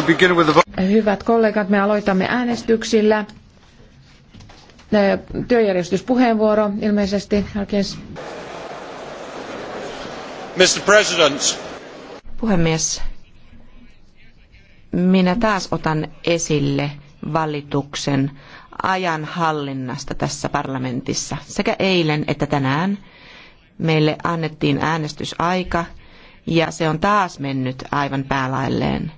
Uh, Hyvät kollegat, me aloitamme äänestyksillä. Työjärjestyspuheenvuoro ilmeisesti. Mr. President. Puhemies, minä taas otan esille valituksen ajan hallinnasta tässä parlamentissa sekä eilen että tänään. Meille annettiin äänestysaika ja se on taas mennyt aivan päälailleen.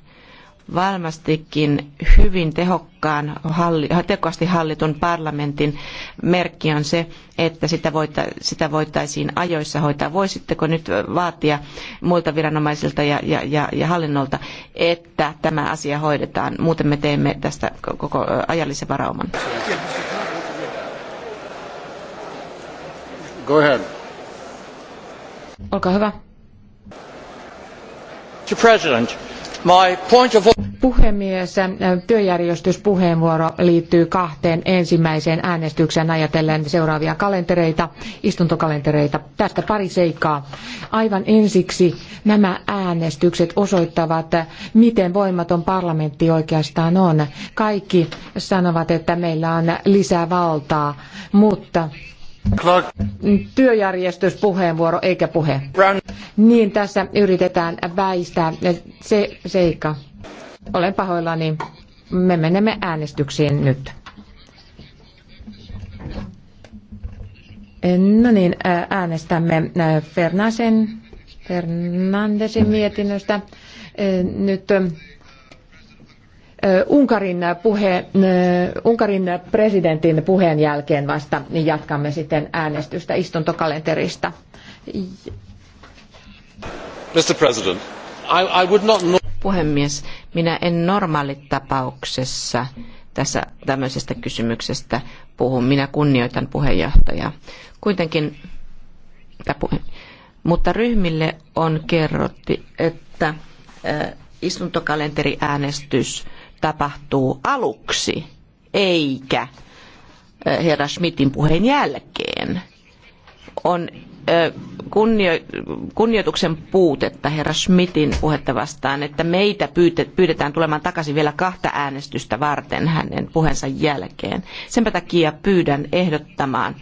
Varmastikin hyvin tehokkaan, halli, tehokkaasti hallitun parlamentin merkki on se, että sitä, voita, sitä voitaisiin ajoissa hoitaa. Voisitteko nyt vaatia muilta viranomaisilta ja, ja, ja, ja hallinnolta, että tämä asia hoidetaan? Muuten me teemme tästä koko ajallisen varauman. Go ahead. Olkaa hyvä. Puhemies, äh, työjärjestyspuheenvuoro liittyy kahteen ensimmäiseen äänestykseen ajatellen seuraavia kalentereita, istuntokalentereita. Tästä pari seikkaa. Aivan ensiksi nämä äänestykset osoittavat, äh, miten voimaton parlamentti oikeastaan on. Kaikki sanovat, että meillä on lisää valtaa, mutta Clark. Työjärjestyspuheenvuoro eikä puhe. Brown. Niin tässä yritetään väistää se seikka. Olen pahoillani. Me menemme äänestyksiin nyt. No niin, äänestämme Fernasen, Fernandesin mietinnöstä. Nyt Unkarin, puhe, Unkarin presidentin puheen jälkeen vasta jatkamme sitten äänestystä istuntokalenterista. Mr. President, I, I would not... Puhemies, minä en normaalitapauksessa tässä tämmöisestä kysymyksestä puhu. Minä kunnioitan puheenjohtajaa. Kuitenkin, mutta ryhmille on kerrotti, että istuntokalenteriäänestys tapahtuu aluksi eikä herra Schmidtin puheen jälkeen. On kunnioituksen puutetta herra Schmidtin puhetta vastaan, että meitä pyydetään tulemaan takaisin vielä kahta äänestystä varten hänen puheensa jälkeen. Sen takia pyydän ehdottamaan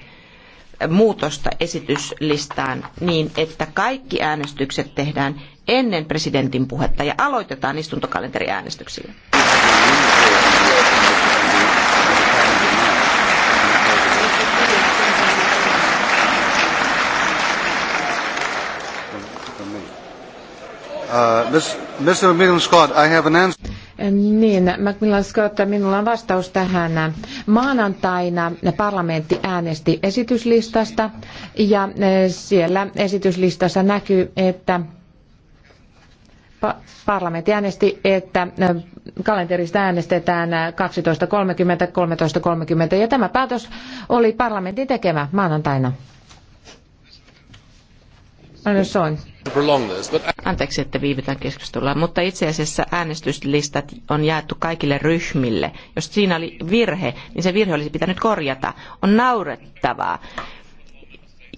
muutosta esityslistaan niin, että kaikki äänestykset tehdään ennen presidentin puhetta ja aloitetaan istuntokalenteriäänestyksillä. Uh, Mr. Milton Scott, I have an answer. Niin, Macmillan Scott, minulla on vastaus tähän. Maanantaina parlamentti äänesti esityslistasta ja eh, siellä esityslistassa näkyy, että parlamentti äänesti, että kalenterista äänestetään 12.30, 13.30 ja tämä päätös oli parlamentin tekemä maanantaina. Anteeksi, että viivytän keskustelua, mutta itse asiassa äänestyslistat on jaettu kaikille ryhmille. Jos siinä oli virhe, niin se virhe olisi pitänyt korjata. On naurettavaa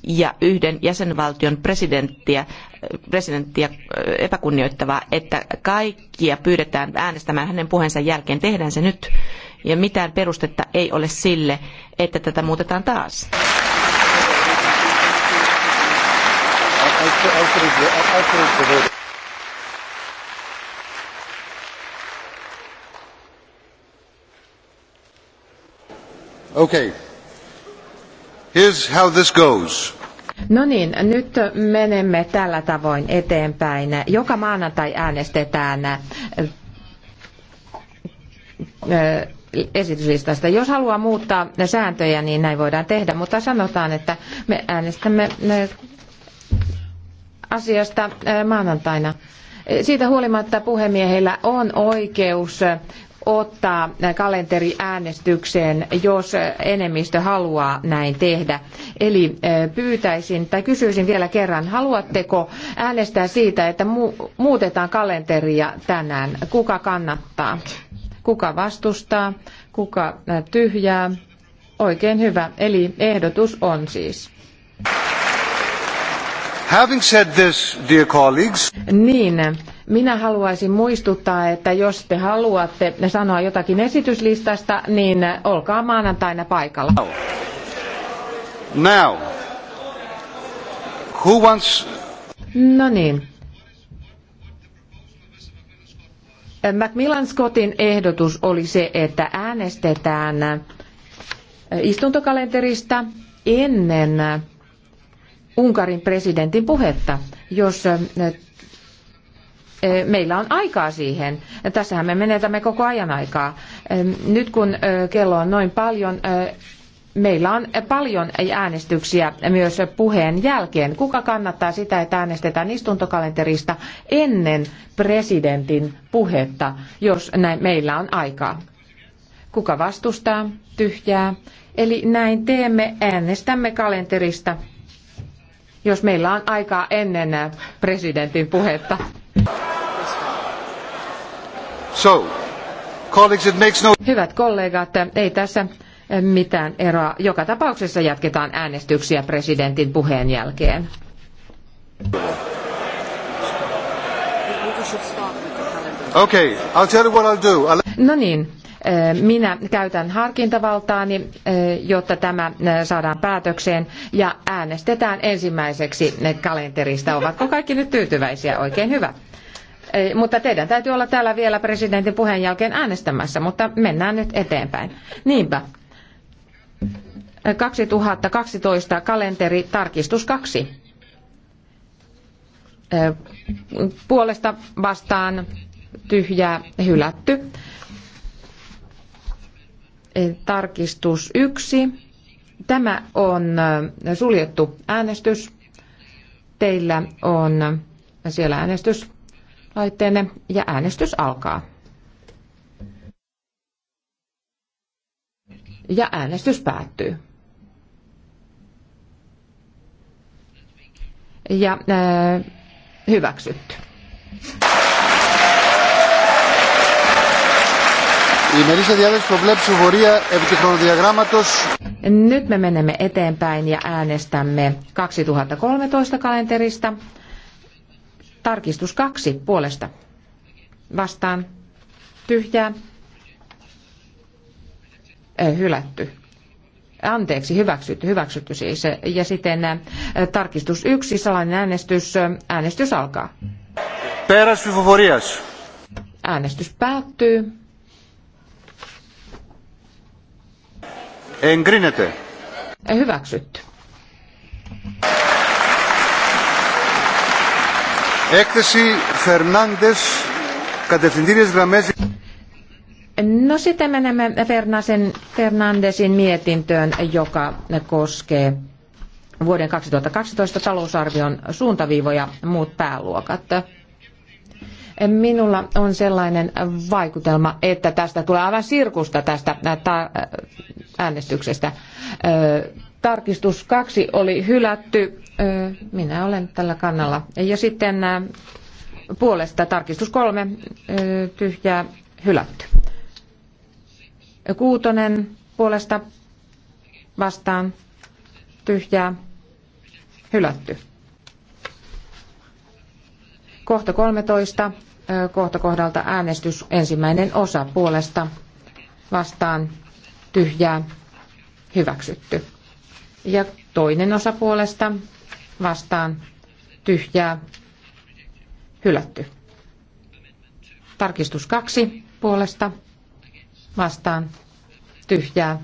ja yhden jäsenvaltion presidenttiä, presidenttiä äh, epäkunnioittavaa, että kaikkia pyydetään äänestämään hänen puheensa jälkeen. Tehdään se nyt. Ja mitään perustetta ei ole sille, että tätä muutetaan taas. Okay. Here's how this goes. No niin, nyt menemme tällä tavoin eteenpäin. Joka maanantai äänestetään äh, esityslistasta. Jos haluaa muuttaa sääntöjä, niin näin voidaan tehdä, mutta sanotaan, että me äänestämme äh, asiasta äh, maanantaina. Siitä huolimatta puhemiehellä on oikeus ottaa kalenteriäänestykseen, jos enemmistö haluaa näin tehdä. Eli pyytäisin tai kysyisin vielä kerran, haluatteko äänestää siitä, että muutetaan kalenteria tänään? Kuka kannattaa? Kuka vastustaa? Kuka tyhjää? Oikein hyvä. Eli ehdotus on siis. Having said this, dear colleagues. Niin, minä haluaisin muistuttaa, että jos te haluatte sanoa jotakin esityslistasta, niin olkaa maanantaina paikalla. Now. Now. Who wants... No niin. Macmillan Scottin ehdotus oli se, että äänestetään istuntokalenterista ennen Unkarin presidentin puhetta, jos meillä on aikaa siihen. Tässähän me menetämme koko ajan aikaa. Nyt kun kello on noin paljon, meillä on paljon äänestyksiä myös puheen jälkeen. Kuka kannattaa sitä, että äänestetään istuntokalenterista ennen presidentin puhetta, jos näin meillä on aikaa? Kuka vastustaa? Tyhjää. Eli näin teemme, äänestämme kalenterista, jos meillä on aikaa ennen presidentin puhetta. So, colleagues, it makes no... Hyvät kollegat, ei tässä mitään eroa. Joka tapauksessa jatketaan äänestyksiä presidentin puheen jälkeen. Okay, I'll tell you what I'll do. I'll... No niin, eh, minä käytän harkintavaltaani, eh, jotta tämä eh, saadaan päätökseen ja äänestetään ensimmäiseksi kalenterista. Ovatko kaikki nyt tyytyväisiä? Oikein hyvä mutta teidän täytyy olla täällä vielä presidentin puheen jälkeen äänestämässä, mutta mennään nyt eteenpäin. Niinpä. 2012 kalenteri tarkistus 2. Puolesta vastaan tyhjää hylätty. Tarkistus 1. Tämä on suljettu äänestys. Teillä on siellä äänestys laitteenne ja äänestys alkaa. Ja äänestys päättyy. Ja äh, hyväksytty. Nyt me menemme eteenpäin ja äänestämme 2013 kalenterista. Tarkistus kaksi puolesta. Vastaan tyhjää. Hylätty. Anteeksi, hyväksytty, hyväksytty siis. Ja sitten tarkistus yksi, salainen äänestys. Äänestys alkaa. Äänestys päättyy. Εγκρίνεται. Hyväksytty. Έκθεση Φερνάντες, κατευθυντήριες γραμμές... No sitten menemme Fernasen, Fernandesin mietintöön, joka koskee vuoden 2012 talousarvion suuntaviivoja muut pääluokat. Minulla on sellainen vaikutelma, että tästä tulee aivan sirkusta tästä äänestyksestä. Tarkistus kaksi oli hylätty, minä olen tällä kannalla. Ja sitten puolesta tarkistus kolme tyhjää hylätty. Kuutonen puolesta vastaan tyhjää hylätty. Kohta 13, kohta kohdalta äänestys, ensimmäinen osa puolesta vastaan tyhjää hyväksytty. Ja toinen osa puolesta vastaan tyhjää hylätty. Tarkistus kaksi puolesta vastaan tyhjää.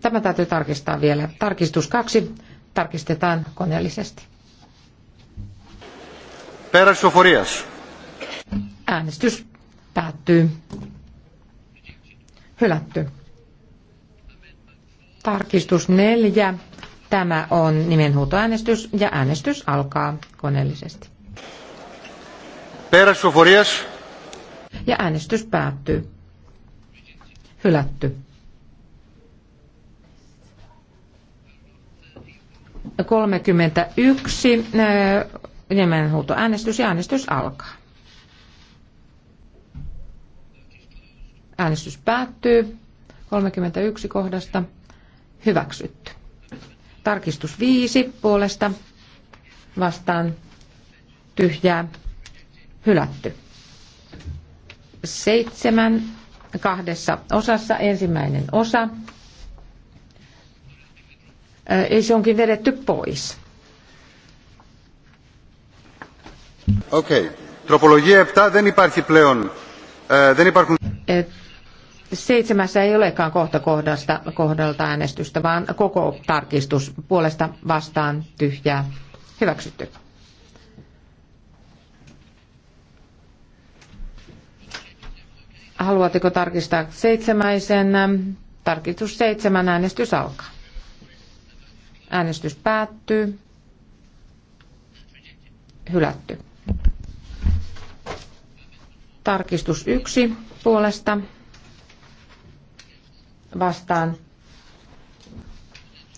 Tämä täytyy tarkistaa vielä. Tarkistus kaksi tarkistetaan koneellisesti. Peräsoforias. Äänestys päättyy. Hylätty. Tarkistus neljä Tämä on nimenhuutoäänestys ja äänestys alkaa koneellisesti. Peräsuforias. Ja äänestys päättyy. Hylätty. 31 nimenhuutoäänestys ja äänestys alkaa. Äänestys päättyy 31 kohdasta. Hyväksytty. Tarkistus 5 puolesta vastaan tyhjää hylätty. Seitsemän kahdessa osassa ensimmäinen osa. Ei se onkin vedetty pois. Okei. Okay. tropologia 7 δεν υπάρχει πλέον. Ε, δεν υπάρχουν... Seitsemässä ei olekaan kohta kohdasta, kohdalta äänestystä, vaan koko tarkistus puolesta vastaan tyhjää hyväksytty. Haluatteko tarkistaa seitsemäisen? Tarkistus seitsemän, äänestys alkaa. Äänestys päättyy. Hylätty. Tarkistus yksi puolesta vastaan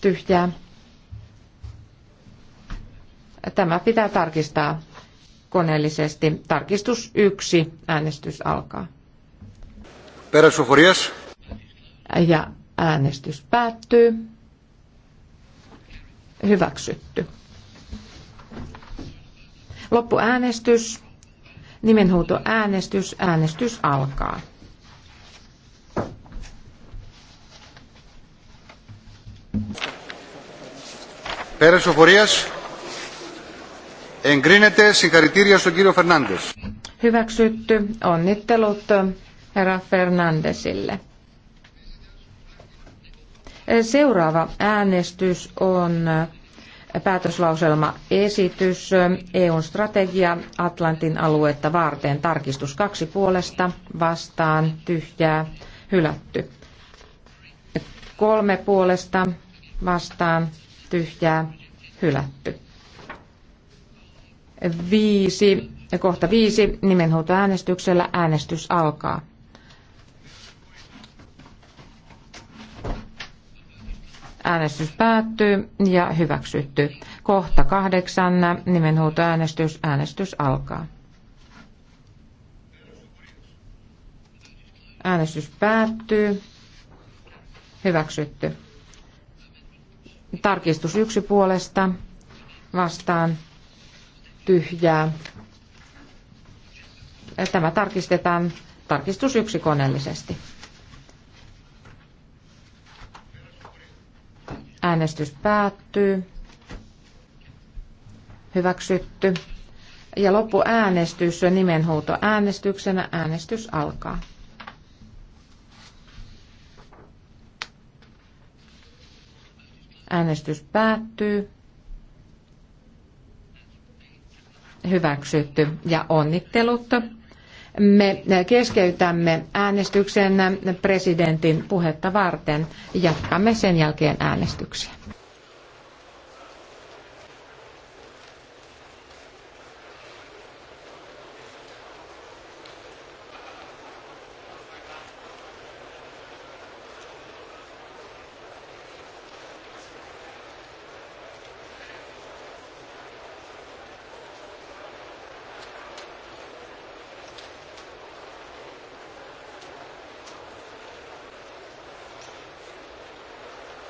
tyhjää. Tämä pitää tarkistaa koneellisesti. Tarkistus yksi Äänestys alkaa. Peräsuforias. Ja äänestys päättyy. Hyväksytty. Loppuäänestys. äänestys Äänestys alkaa. Πέρα ψηφοφορία. Εγκρίνεται. Συγχαρητήρια στον κύριο Φερνάντε. Hyväksytty. Onnittelut herra Fernandesille. Seuraava äänestys on äh, päätöslauselma esitys äh, EUn strategia Atlantin aluetta varten tarkistus kaksi puolesta vastaan tyhjää hylätty. Kolme puolesta vastaan tyhjää hylätty. Viisi, kohta viisi nimenhuutoäänestyksellä äänestys alkaa. Äänestys päättyy ja hyväksytty. Kohta kahdeksan nimenhuutoäänestys. Äänestys alkaa. Äänestys päättyy. Hyväksytty. Tarkistus yksi puolesta vastaan tyhjää. Tämä tarkistetaan tarkistus yksi koneellisesti. Äänestys päättyy. Hyväksytty. Ja loppuäänestys nimenhuuto äänestyksenä. Äänestys alkaa. Äänestys päättyy. Hyväksytty ja onnittelut. Me keskeytämme äänestyksen presidentin puhetta varten. Jatkamme sen jälkeen äänestyksiä.